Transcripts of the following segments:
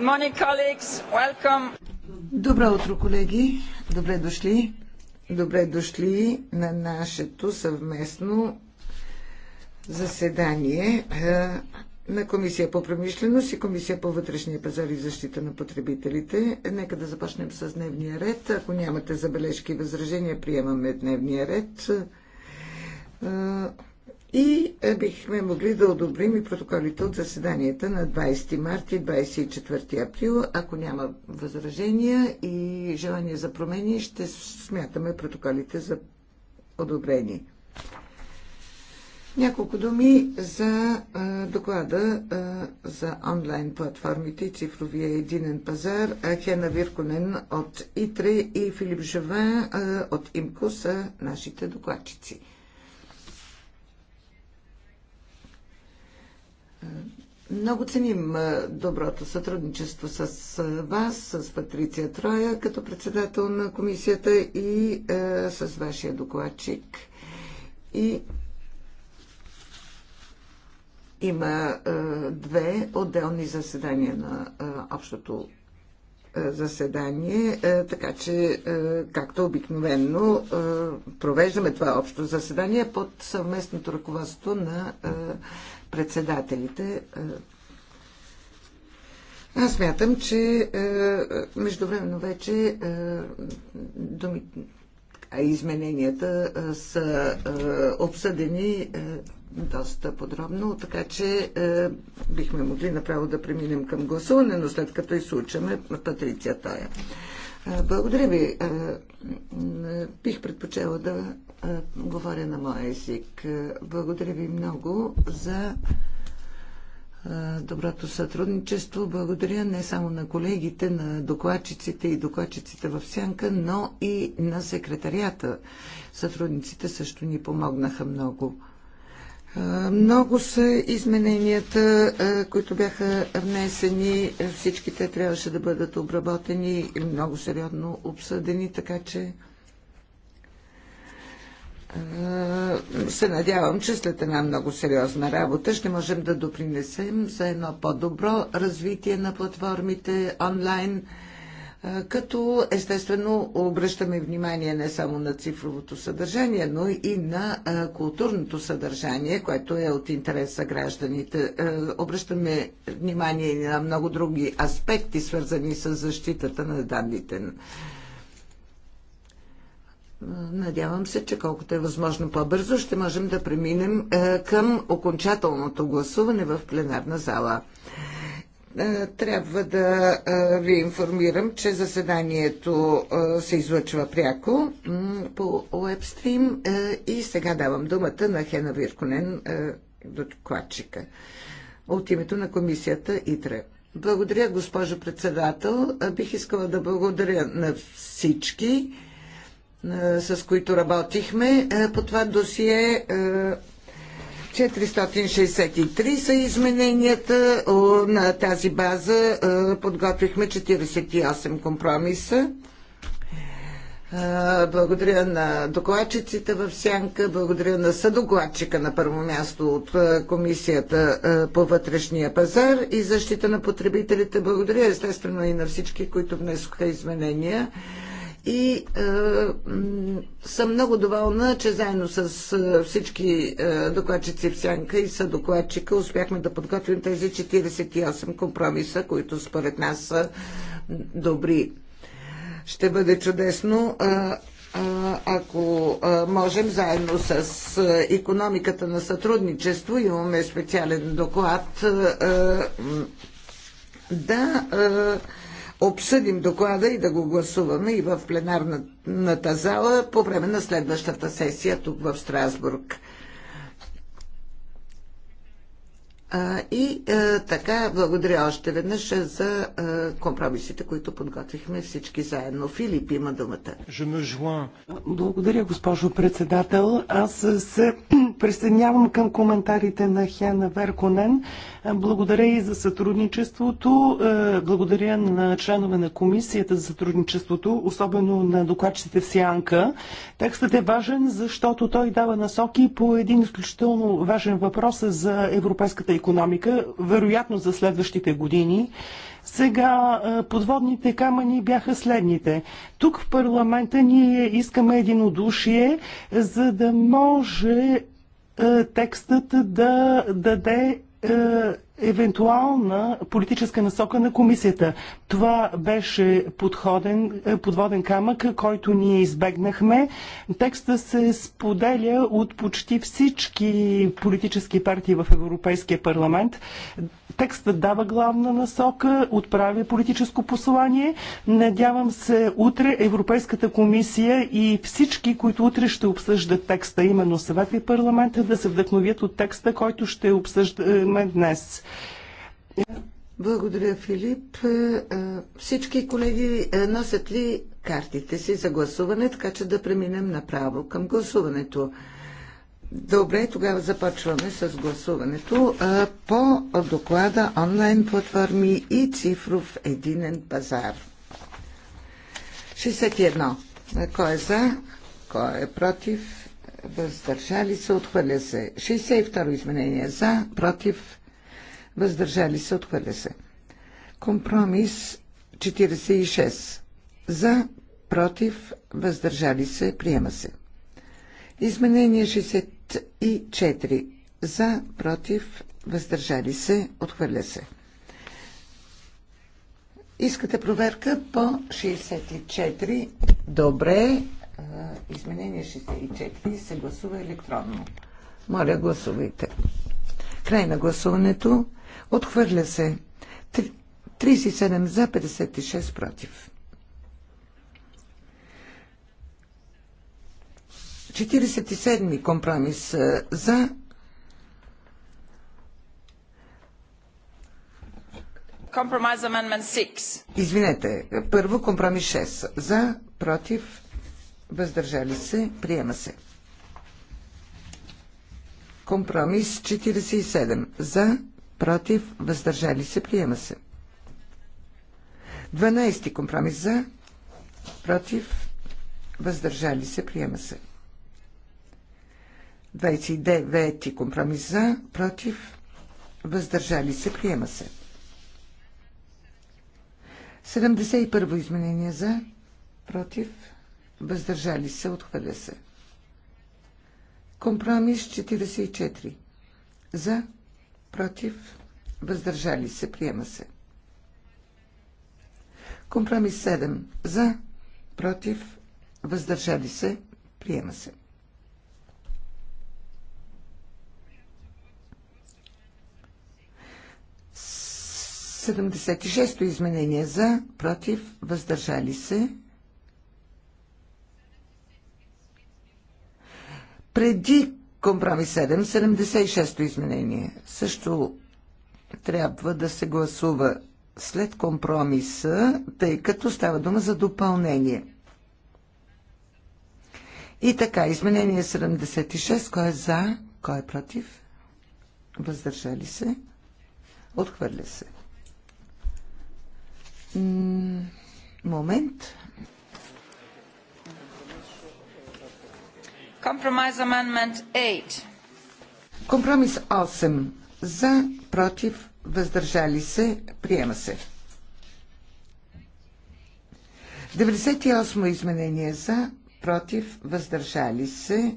Morning, Добро утро, колеги! Добре дошли! Добре дошли на нашето съвместно заседание е, на Комисия по промишленост и Комисия по вътрешния пазар и защита на потребителите. Нека да започнем с дневния ред. Ако нямате забележки и възражения, приемаме дневния ред. Е, и е, бихме могли да одобрим и протоколите от заседанията на 20 марта и 24 април. Ако няма възражения и желание за промени, ще смятаме протоколите за одобрени. Няколко думи за а, е, доклада а, е, за онлайн платформите и цифровия единен пазар. Хена Вирконен от ИТРЕ и Филип Жава а, от ИМКО са нашите докладчици. Много ценим доброто сътрудничество с вас, с Патриция Троя като председател на комисията и е, с вашия докладчик. И има е, две отделни заседания на е, общото е, заседание, е, така че, е, както обикновенно, провеждаме това общо заседание под съвместното ръководство на председателите. Аз мятам, че междувременно вече думи, измененията са обсъдени доста подробно, така че е, бихме могли направо да преминем към гласуване, но след като изслучаме Патриция Тая. Е, благодаря ви. Е, е, бих предпочела да е, говоря на моя език. Е, благодаря ви много за е, доброто сътрудничество. Благодаря не само на колегите, на докладчиците и докладчиците в Сянка, но и на секретарията. Сътрудниците също ни помогнаха много. Много са измененията, които бяха внесени. Всичките трябваше да бъдат обработени и много сериозно обсъдени, така че се надявам, че след една много сериозна работа ще можем да допринесем за едно по-добро развитие на платформите онлайн като естествено обръщаме внимание не само на цифровото съдържание, но и на културното съдържание, което е от интерес за гражданите. Обръщаме внимание и на много други аспекти, свързани с защитата на данните. Надявам се, че колкото е възможно по-бързо ще можем да преминем към окончателното гласуване в пленарна зала. Е, трябва да е, ви информирам, че заседанието е, се излъчва пряко по уебстрим и сега давам думата на Хена Вирконен, докладчика от името на комисията ИТРЕ. Благодаря, госпожо председател. Бих искала да благодаря на всички, с които работихме по това досие. 463 са измененията. На тази база подготвихме 48 компромиса. Благодаря на докладчиците в Сянка, благодаря на съдокладчика на първо място от Комисията по вътрешния пазар и защита на потребителите. Благодаря естествено и на всички, които внесоха изменения и е, съм много доволна, че заедно с е, всички е, докладчици в Сянка и съдокладчика успяхме да подготвим тези 48 компромиса, които според нас са добри. Ще бъде чудесно, е, е, ако е, можем заедно с е, економиката на сътрудничество, имаме специален доклад, е, е, да. Е, обсъдим доклада и да го гласуваме и в пленарната зала по време на следващата сесия тук в Страсбург. и така, благодаря още веднъж за компромисите, които подготвихме всички заедно. Филип има думата. Благодаря, госпожо председател. Аз се присъединявам към коментарите на Хена Верконен. Благодаря и за сътрудничеството. Е, благодаря на членове на комисията за сътрудничеството, особено на докладчите в Сянка. Текстът е важен, защото той дава насоки по един изключително важен въпрос за европейската економика, вероятно за следващите години. Сега е, подводните камъни бяха следните. Тук в парламента ние искаме единодушие, за да може е, текстът да даде е, евентуална политическа насока на комисията. Това беше подходен, е, подводен камък, който ние избегнахме. Текста се споделя от почти всички политически партии в Европейския парламент. Текстът дава главна насока, отправя политическо послание. Надявам се утре Европейската комисия и всички, които утре ще обсъждат текста, именно съвет и парламента, да се вдъхновят от текста, който ще обсъждаме днес. Благодаря, Филип. Е, е, всички колеги е, носят ли картите си за гласуване, така че да преминем направо към гласуването? Добре, тогава започваме с гласуването по доклада онлайн платформи и цифров единен пазар. 61. Кой е за? Кой е против? Въздържали се? Отхвърля се. 62 изменение за, против, въздържали се, отхвърля се. Компромис 46. За, против, въздържали се, приема се. Изменение 64. За, против, въздържали се, отхвърля се. Искате проверка по 64. Добре. Изменение 64 се гласува електронно. Моля, гласувайте. Край на гласуването. Отхвърля се. 37 за, 56 против. 47 компромис е, за. 6. Извинете, първо компромис 6. За, против, въздържали се, приема се. Компромис 47. За, против, въздържали се, приема се. 12 компромис за, против, въздържали се, приема се. 29 компромис за, против, въздържали се, приема се. 71 изменение за, против, въздържали се, отхвърля се. Компромис 44 за, против, въздържали се, приема се. Компромис 7 за, против, въздържали се, приема се. Седемдесет и шесто изменение за, против, въздържали се, преди Компромис 7, 76-то изменение. Също трябва да се гласува след компромиса, тъй като става дума за допълнение. И така, изменение 76, кой е за, кой е против, въздържали се, отхвърля се. Момент. 8. Компромис 8. За, против, въздържали се, приема се. 98 изменение за, против, въздържали се,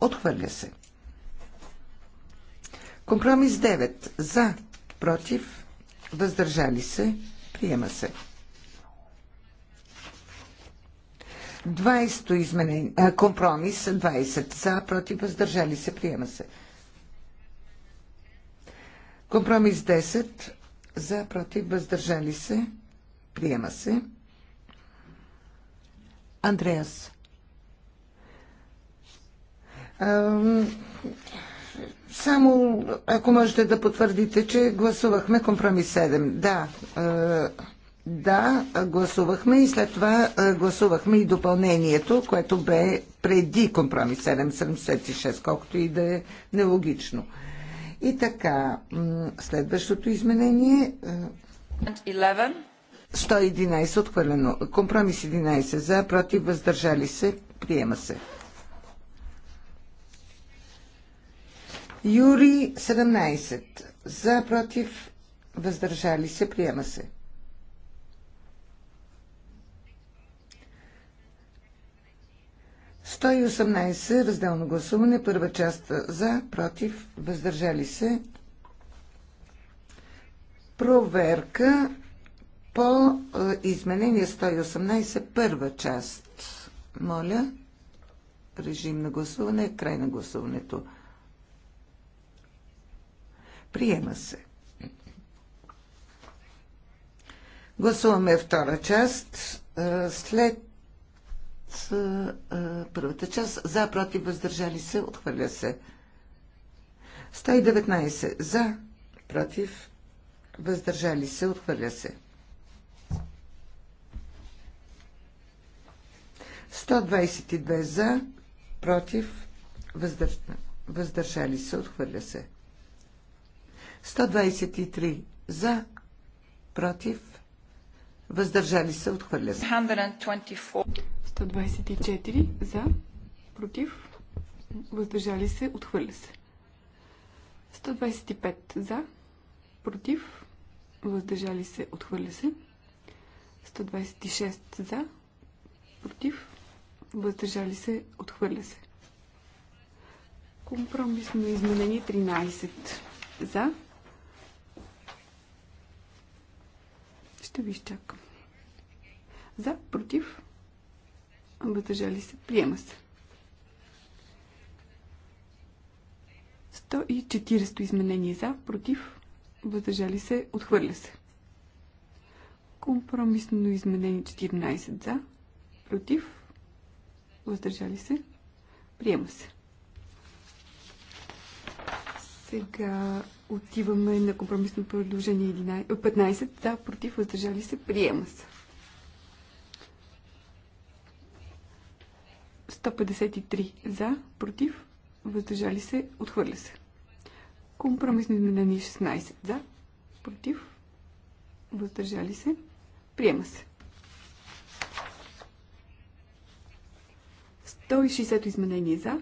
отхвърля се. Компромис 9. За, против, въздържали се, приема се. 20-то компромис 20 за, против, въздържали се, приема се. Компромис 10 за, против, въздържали се, приема се. Андреас. Само ако можете да потвърдите, че гласувахме компромис 7. Да, да, гласувахме и след това гласувахме и допълнението, което бе преди компромис 776, колкото и да е нелогично. И така, следващото изменение. 111 отхвърлено. Компромис 11 за, против, въздържали се, приема се. Юри 17 за, против, въздържали се, приема се. 118. Разделно гласуване. Първа част за, против, въздържали се. Проверка по е, изменение 118. Първа част. Моля. Режим на гласуване. Край на гласуването. Приема се. Гласуваме втора част. Е, след а, първата част, за, против, въздържали се, отхвърля се. 119. За, против, въздържали се, отхвърля се. 122 за, против, въздърж... въздържали се, отхвърля се. 123 за, против, въздържали се, отхвърля се. 124. 124 за, против, въздържали се, отхвърля се. 125 за, против, въздържали се, отхвърля се. 126 за, против, въздържали се, отхвърля се. Компромисно изменение 13 за. Ще ви изчакам. За, против, Въдържали се, приема се. 140 изменение за, против, въздържали се, отхвърля се. Компромисно изменение 14 за, против, въздържали се, приема се. Сега отиваме на компромисно предложение 15 за, против, въздържали се, приема се. 153 за, против, въздържали се, отхвърля се. Компромисно изменение 16 за, против, въздържали се, приема се. 160 изменение за,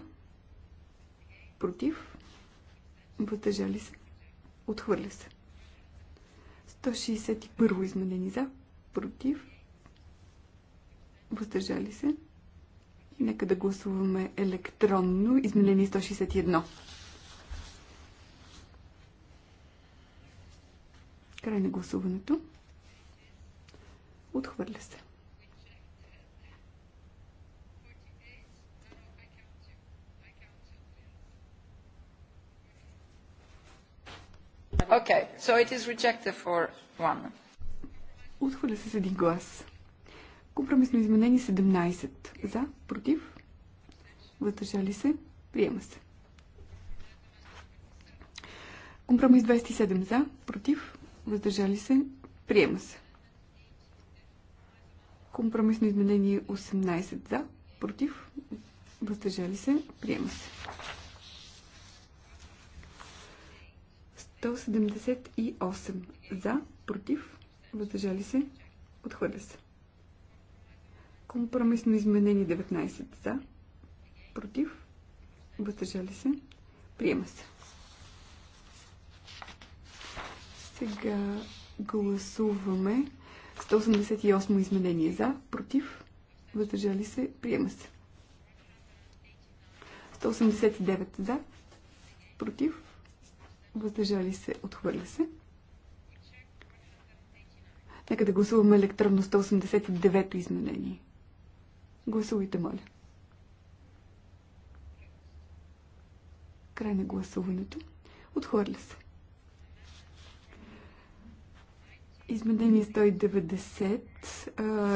против, въздържали се, отхвърля се. 161 изменени за, против, въздържали се, Нека да гласуваме електронно. Изменение 161. Край на гласуването. Отхвърля се. Okay, so it is rejected for one. Отхвърля се с един глас. Компромисно изменение 17. За, против, въздържали се, приема се. Компромис 27 за, против, въздържали се, приема се. Компромисно изменение 18 за, против, въздържали се, приема се. 178 за, против, въздържали се, отхвърля се. Компромисно изменени 19 за. Против. Въздържали се. Приема се. Сега гласуваме 188 изменение за. Против. Въздържали се. Приема се. 189 за. Против. Въздържали се. Отхвърля се. Нека да гласуваме електронно 189 изменение. Гласувайте, моля. Край на гласуването. Отхвърля се. Изменение 190,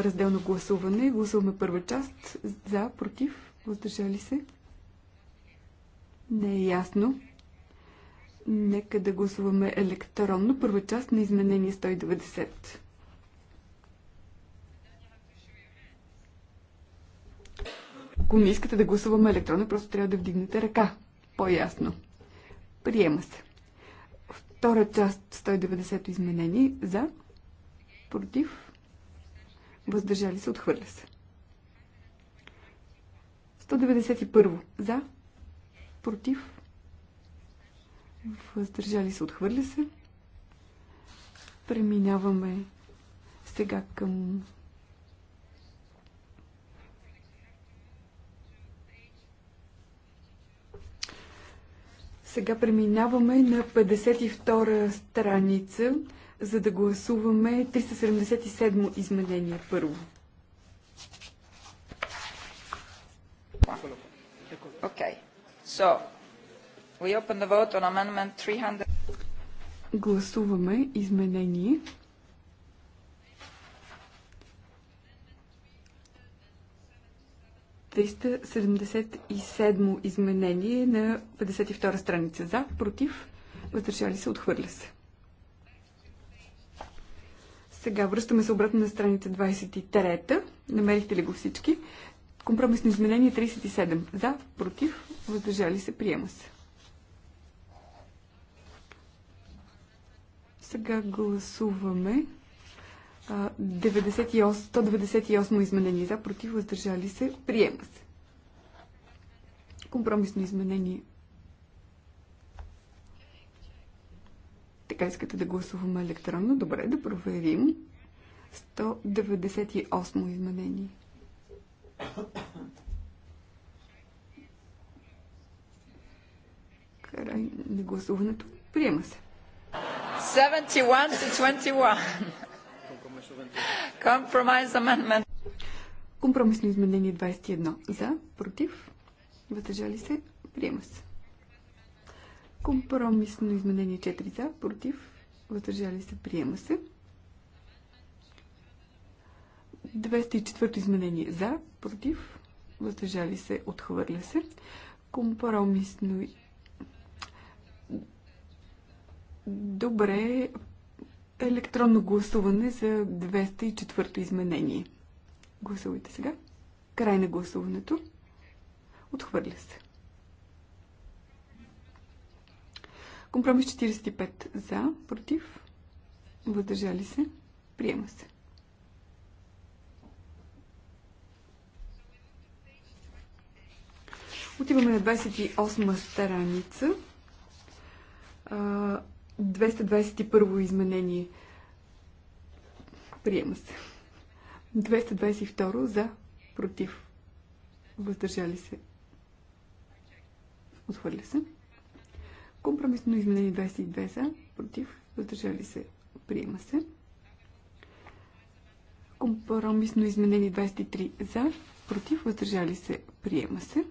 разделно гласуване. Гласуваме първа част. За, против, въздържали се. Не е ясно. Нека да гласуваме електронно първа част на изменение 190. Ако не искате да гласуваме електронно, просто трябва да вдигнете ръка. По-ясно. Приема се. Втора част 190 изменени за, против, въздържали се, отхвърля се. 191 за, против, въздържали се, отхвърля се. Преминаваме сега към Сега преминаваме на 52-а страница, за да гласуваме 377 о изменение първо. Okay. So, we open the vote on amendment 300. Гласуваме изменение 377. 377 изменение на 52 страница. За, против, въздържали се, отхвърля се. Сега връщаме се обратно на страница 23. Намерихте ли го всички? Компромисно изменение 37. За, против, въздържали се, приема се. Сега гласуваме 198 изменение за, против, въздържали се, приема се. Компромисно изменение. Така искате да гласуваме електронно. Добре, да проверим. 198 изменение. Край на гласуването. Приема се. 71 to 21. Компромисно изменение 21. За, против, въздържали се, приема се. Компромисно изменение 4 за, против, въздържали се, приема се. 204 изменение за, против, въздържали се, отхвърля се. Компромисно Добре, електронно гласуване за 204-то изменение. Гласувайте сега. Край на гласуването. Отхвърля се. Компромис 45 за, против, въздържали се, приема се. Отиваме на 28 страница. 221 изменение. Приема се. 222 за, против, въздържали се. Отхвърля се. Компромисно изменение 22 за, против, въздържали се. Приема се. Компромисно изменение 23 за, против, въздържали се. Приема се.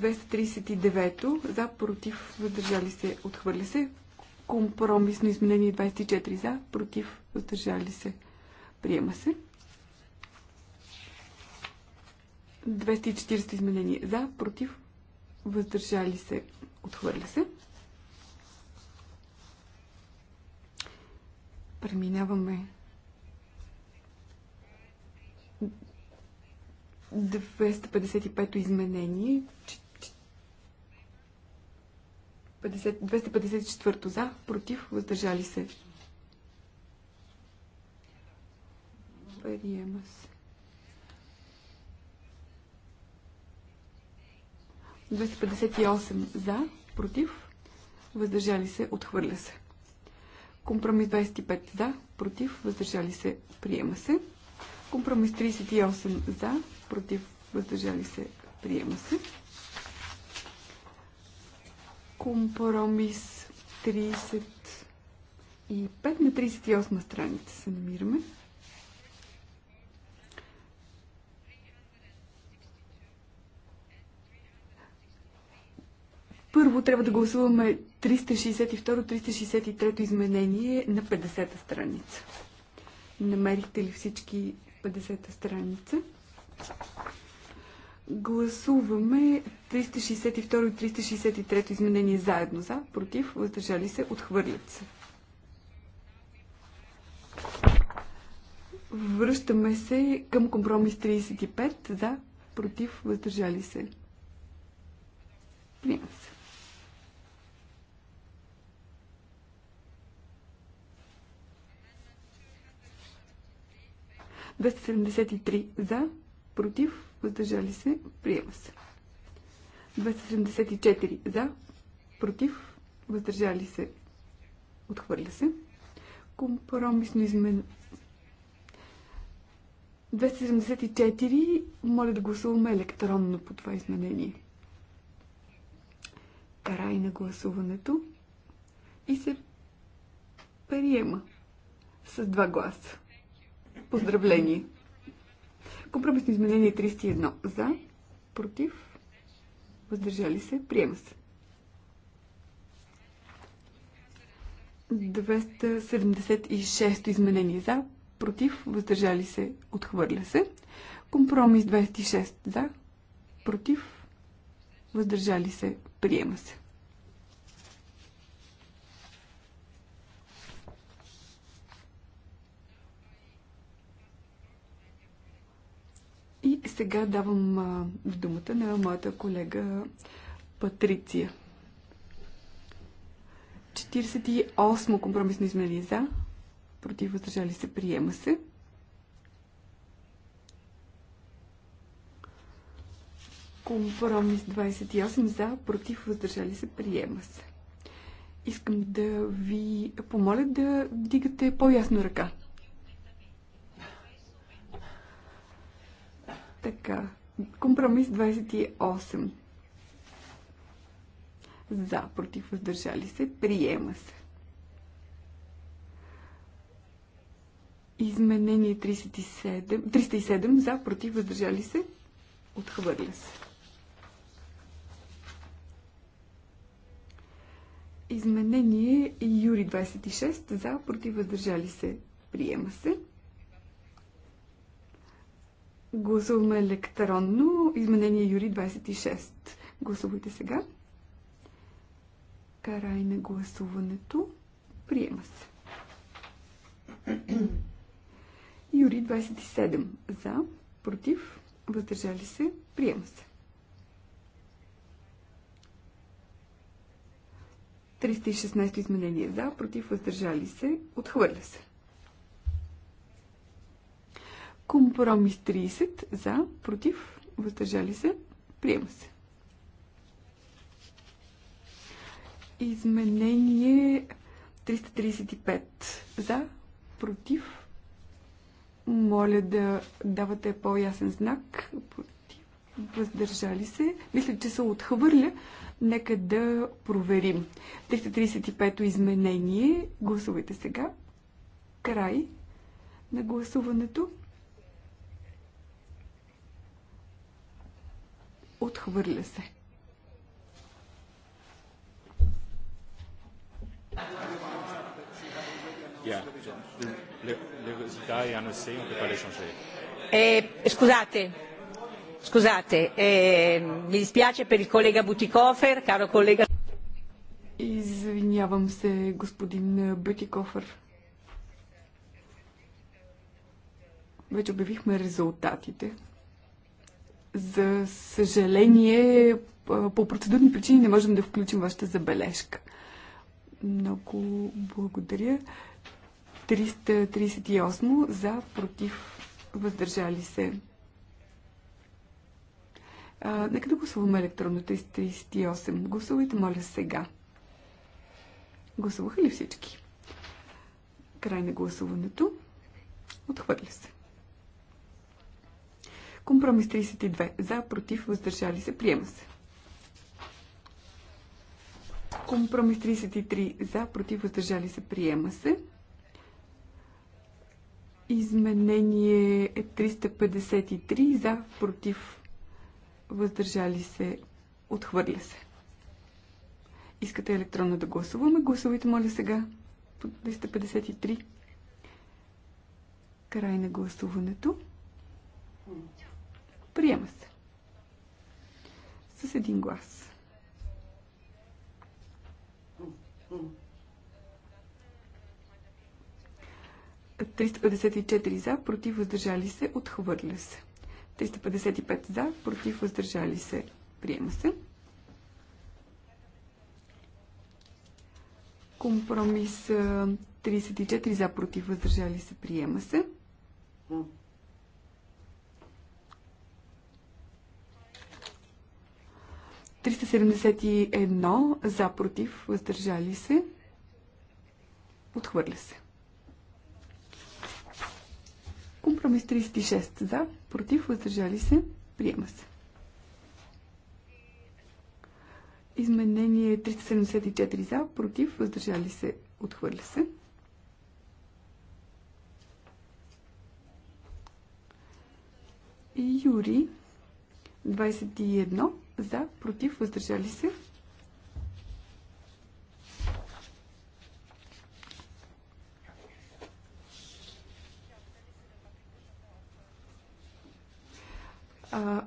239 за, против, въздържали се, отхвърля се. Компромисно изменение 24 за, против, въздържали се, приема се. 240 изменение за, против, въздържали се, отхвърля се. Преминаваме 255 изменение, 254 за, против, въздържали се. Приема се. 258 за, против, въздържали се, отхвърля се. Компромис 25 за, против, въздържали се, приема се. Компромис 38 за, против, въздържали се, приема се. Компромис 35 на 38 страница се намираме. Първо трябва да гласуваме 362-363 изменение на 50-та страница. Намерихте ли всички 50-та страница? Гласуваме 362 и 363 изменение заедно за, против, въздържали се, отхвърлят се. Връщаме се към компромис 35 за, против, въздържали се. Приема се. Двеста за, против, въздържали се, приема се. 274 за, против, въздържали се, отхвърля се. Компромисно измен... 274, моля да гласуваме електронно по това изменение. Край на гласуването и се приема с два гласа. Поздравление! Компромисно изменение 31. За, против, въздържали се, приема се. 276 изменение за, против, въздържали се, отхвърля се. Компромис 26 за, против, въздържали се, приема се. Сега давам думата на моята колега Патриция. 48 компромисно изменение за, против въздържали се, приема се. Компромис 28 за, против въздържали се, приема се. Искам да ви помоля да дигате по-ясно ръка. Така, компромис 28. За, против, въздържали се, приема се. Изменение 37, 307 за, против, въздържали се, отхвърля се. Изменение Юри 26 за, против, въздържали се, приема се. Гласуваме електронно изменение Юри 26. Гласувайте сега. Карай на гласуването. Приема се. Юри 27. За, против, въздържали се, приема се. 316 изменение за, против, въздържали се, отхвърля се. Компромис 30 за, против, въздържали се, приема се. Изменение 335 за, против. Моля да давате по-ясен знак. Против. Въздържали се. Мисля, че се отхвърля. Нека да проверим. 335 изменение. Гласувайте сега. Край на гласуването. Отхвърля се. Yeah. Le, le résultat est annoncé, on ne peut pas les changer. Eh, scusate, scusate, eh, mi dispiace per il collega Butikofer, caro collega. Извинявам се, господин Бютикофер. Вече обявихме резултатите. За съжаление, по процедурни причини не можем да включим вашата забележка. Много благодаря. 338 за, против, въздържали се. А, нека да гласуваме електронно 338. Гласувайте, моля, сега. Гласуваха ли всички? Край на гласуването. Отхвърля се. Компромис 32. За, против, въздържали се, приема се. Компромис 33. За, против, въздържали се, приема се. Изменение е 353. За, против, въздържали се, отхвърля се. Искате електронно да гласуваме? Гласувайте, моля, сега по 353. Край на гласуването. Приема се. С един глас. Mm-hmm. 354 за, против въздържали се, отхвърля се. 355 за, против въздържали се, приема се. Компромис 34 за, против въздържали се, приема се. 371 за против, въздържали се. Отхвърля се. Компромис 36 за против, въздържали се. Приема се. Изменение 374 за против, въздържали се. Отхвърля се. И Юри 21 за, против, въздържали се. А,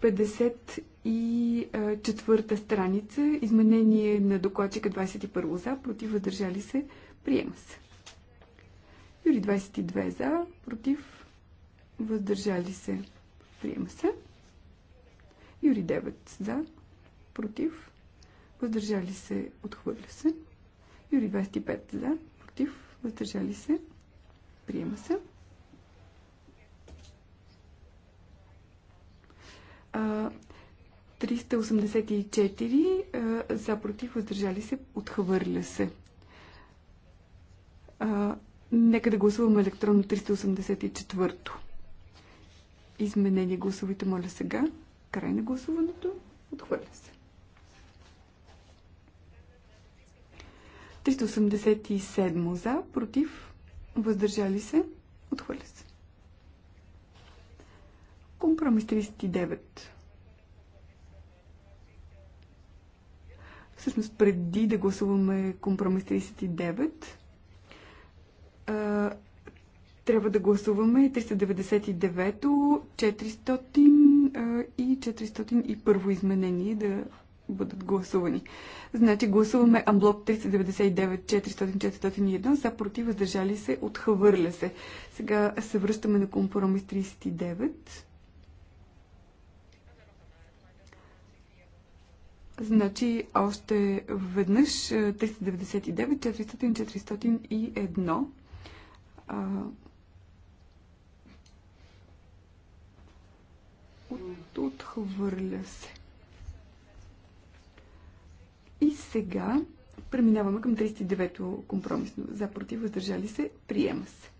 54 страница, изменение на докладчика 21 за, против, въздържали се, приема се. Юри 22 за, против, въздържали се, приема се. Юри 9 за, против, въздържали се, отхвърля се. Юри 25 за, против, въздържали се, приема се. А, 384 за, против, въздържали се, отхвърля се. А, нека да гласуваме електронно 384-то. Изменение гласовите, моля сега. Край на гласуването. Отхвърля се. 387 за, против, въздържали се, отхвърля се. Компромис 39. Всъщност, преди да гласуваме компромис 39, трябва да гласуваме 399, 400, и 401 изменение да бъдат гласувани. Значи гласуваме Амблок 399, 400, 401, за против, въздържали се, отхвърля се. Сега се връщаме на компромис 39. Значи още веднъж 399, 400, 401 От, отхвърля се. И сега преминаваме към 39-то компромисно. За, против, въздържали се, приема се.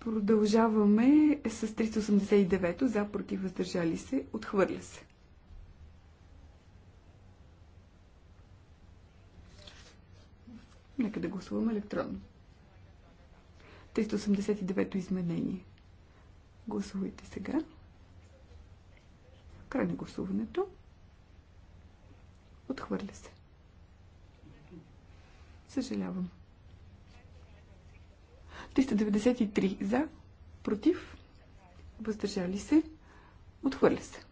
Продължаваме с 389-то. За, против, въздържали се, отхвърля се. Нека да гласуваме електронно. 389-то изменение. Гласувайте сега. Край на гласуването. Отхвърля се. Съжалявам. 393 за, против, въздържали се, отхвърля се.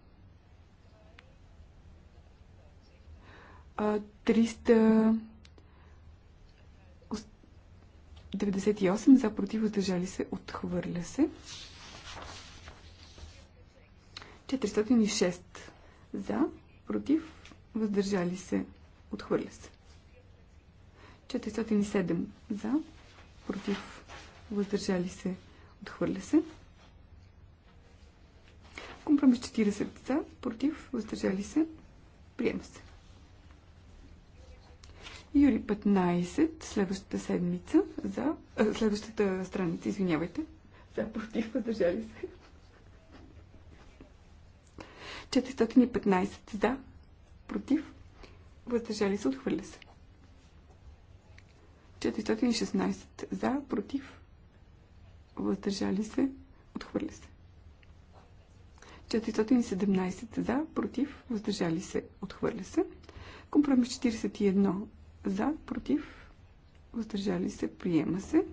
98 за против въздържали се отхвърля се. 406 за против въздържали се отхвърля се. 407 за против въздържали се отхвърля се. Компромис 40 за против въздържали се приема се. Юри 15, следващата седмица, за... А, следващата страница, извинявайте. За против, въздържали се. 415 да. против, въздържали се, отхвърля се. 416 за, против, въздържали се, отхвърля се. 417 за, против, въздържали се, отхвърля се. Компромис 41 за, против, въздържали се, приема се.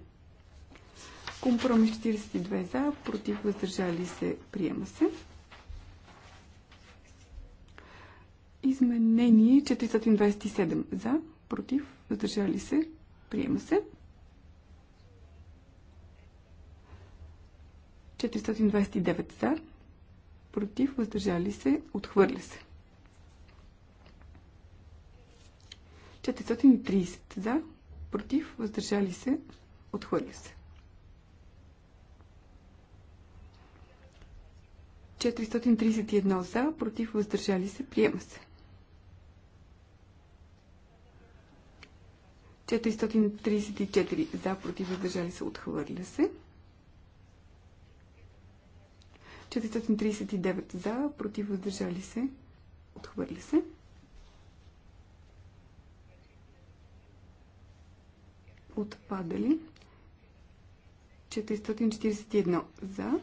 Компромис 42 за, против, въздържали се, приема се. Изменение 427 за, против, въздържали се, приема се. 429 за, против, въздържали се, отхвърля се. 430 за, против, въздържали се, отхвърля се. 431 за, против, въздържали се, приема се. 434 за, против, въздържали се, отхвърля се. 439 за, против, въздържали се, отхвърля се. отпадали. 441 за.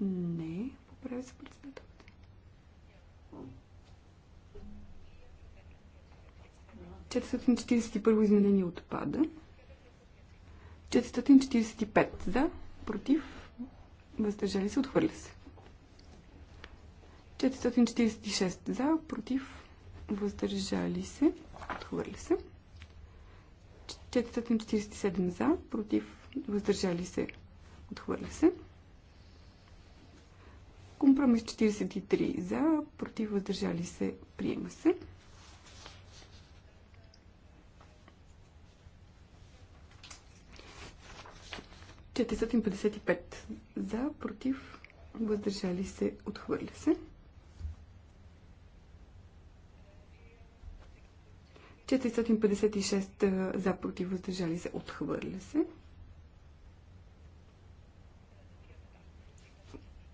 Не, поправя се председател. първо изменение отпада. 445 за, против, въздържали се, отхвърля се. 446 за, против, въздържали се, отхвърля се. 447 за, против, въздържали се, отхвърля се. Компромис 43 за, против, въздържали се, приема се. Четиристотин за, против, въздържали се, отхвърля се. 456 за против въздържали се. Отхвърля се.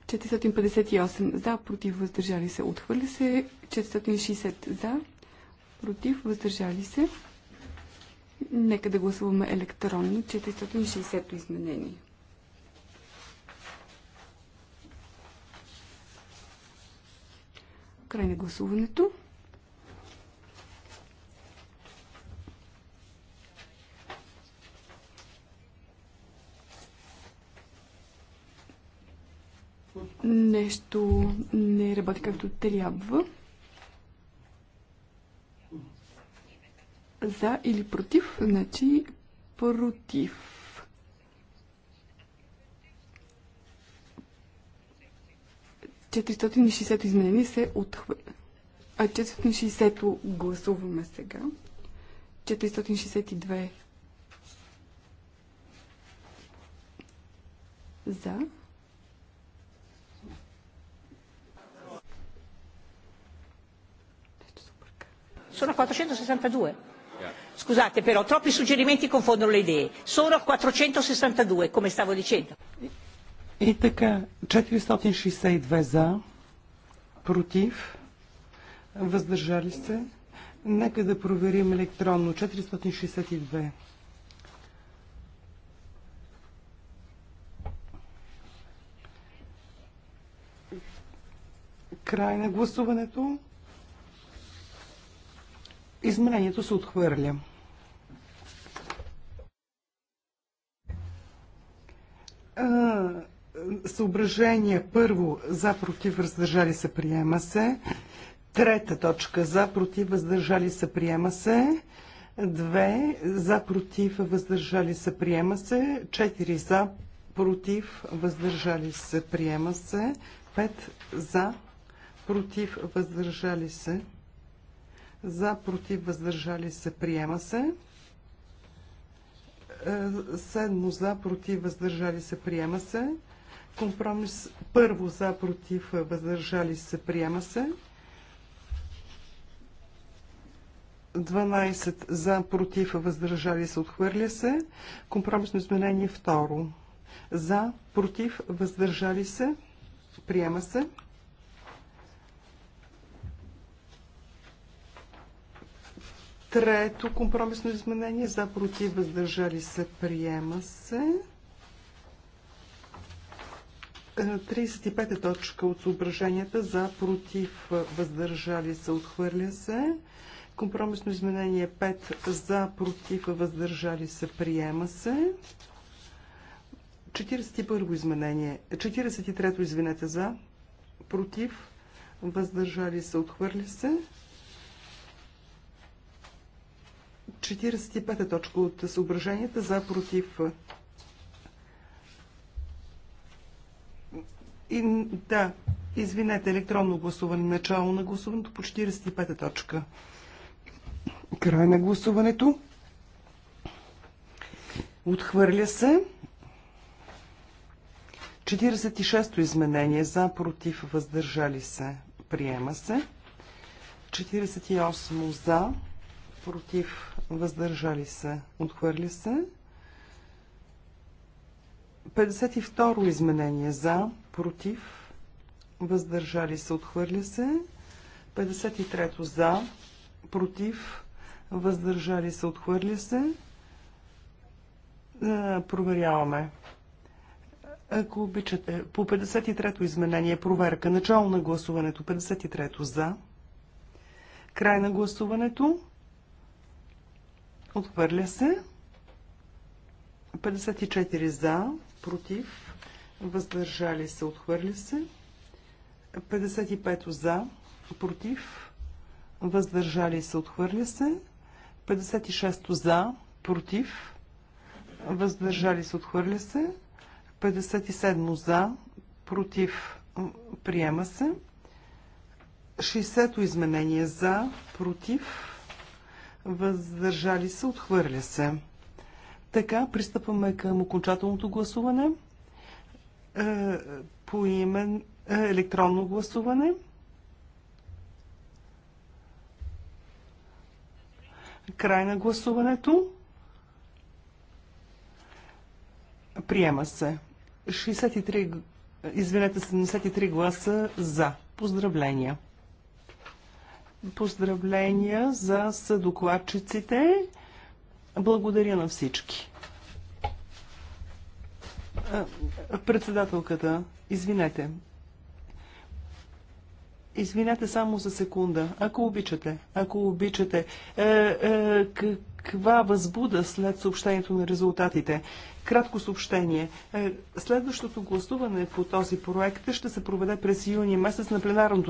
458 за, против въздържали се, отхвърля се. 460 за, против въздържали се. Нека да гласуваме електронно 460-то изменение. Край на гласуването. нещо не работи както трябва. За или против, значи против. Четиристотин изменени се отхвърля. А 460 гласуваме сега. 462 за. sono 462. Scusate però, troppi suggerimenti confondono le idee. Sono 462, come stavo dicendo. И така, 462 за, против, въздържали се. Нека да проверим електронно. 462. Край на гласуването. Изменението се отхвърля. съображение първо за против въздържали се приема се. Трета точка за против въздържали се приема се. Две за против въздържали се приема се. Четири за против въздържали се приема се. Пет за против въздържали се за, против, въздържали се, приема се. Е, седмо за, против, въздържали се, приема се. Компромис първо за, против, въздържали се, приема се. 12 за, против, въздържали се, отхвърля се. Компромисно изменение второ. За, против, въздържали се, приема се. Трето компромисно изменение за против въздържали се приема се. 35 е, точка от съображенията за против въздържали се отхвърля се. Компромисно изменение 5 за против въздържали се приема се. 41 изменение, 43 извинете за против въздържали се отхвърля се. 45-та точка от съображенията за против. И, да, извинете, електронно гласуване, начало на гласуването по 45-та точка. Край на гласуването. Отхвърля се. 46-то изменение за против въздържали се. Приема се. 48 за против, въздържали се, отхвърля се. 52 изменение за, против, въздържали се, отхвърля се. 53 за, против, въздържали се, отхвърли се. Е, проверяваме. Ако обичате, по 53-то изменение проверка. Начало на гласуването 53-то за. Край на гласуването. Отхвърля се. 54 за, против, въздържали се, отхвърля се. 55 за, против, въздържали се, отхвърля се. 56 за, против, въздържали се, отхвърля се. 57 за, против, приема се. 60 изменение за, против, въздържали се, отхвърля се. Така, пристъпваме към окончателното гласуване е, по имен е, електронно гласуване. Край на гласуването. Приема се. 63, извинете, 73 гласа за. Поздравления! Поздравления за съдокладчиците. Благодаря на всички. Председателката, извинете. Извинете само за секунда. Ако обичате, ако обичате, е, е, каква възбуда след съобщението на резултатите? Кратко съобщение. Е, следващото гласуване по този проект ще се проведе през юни месец на пленарното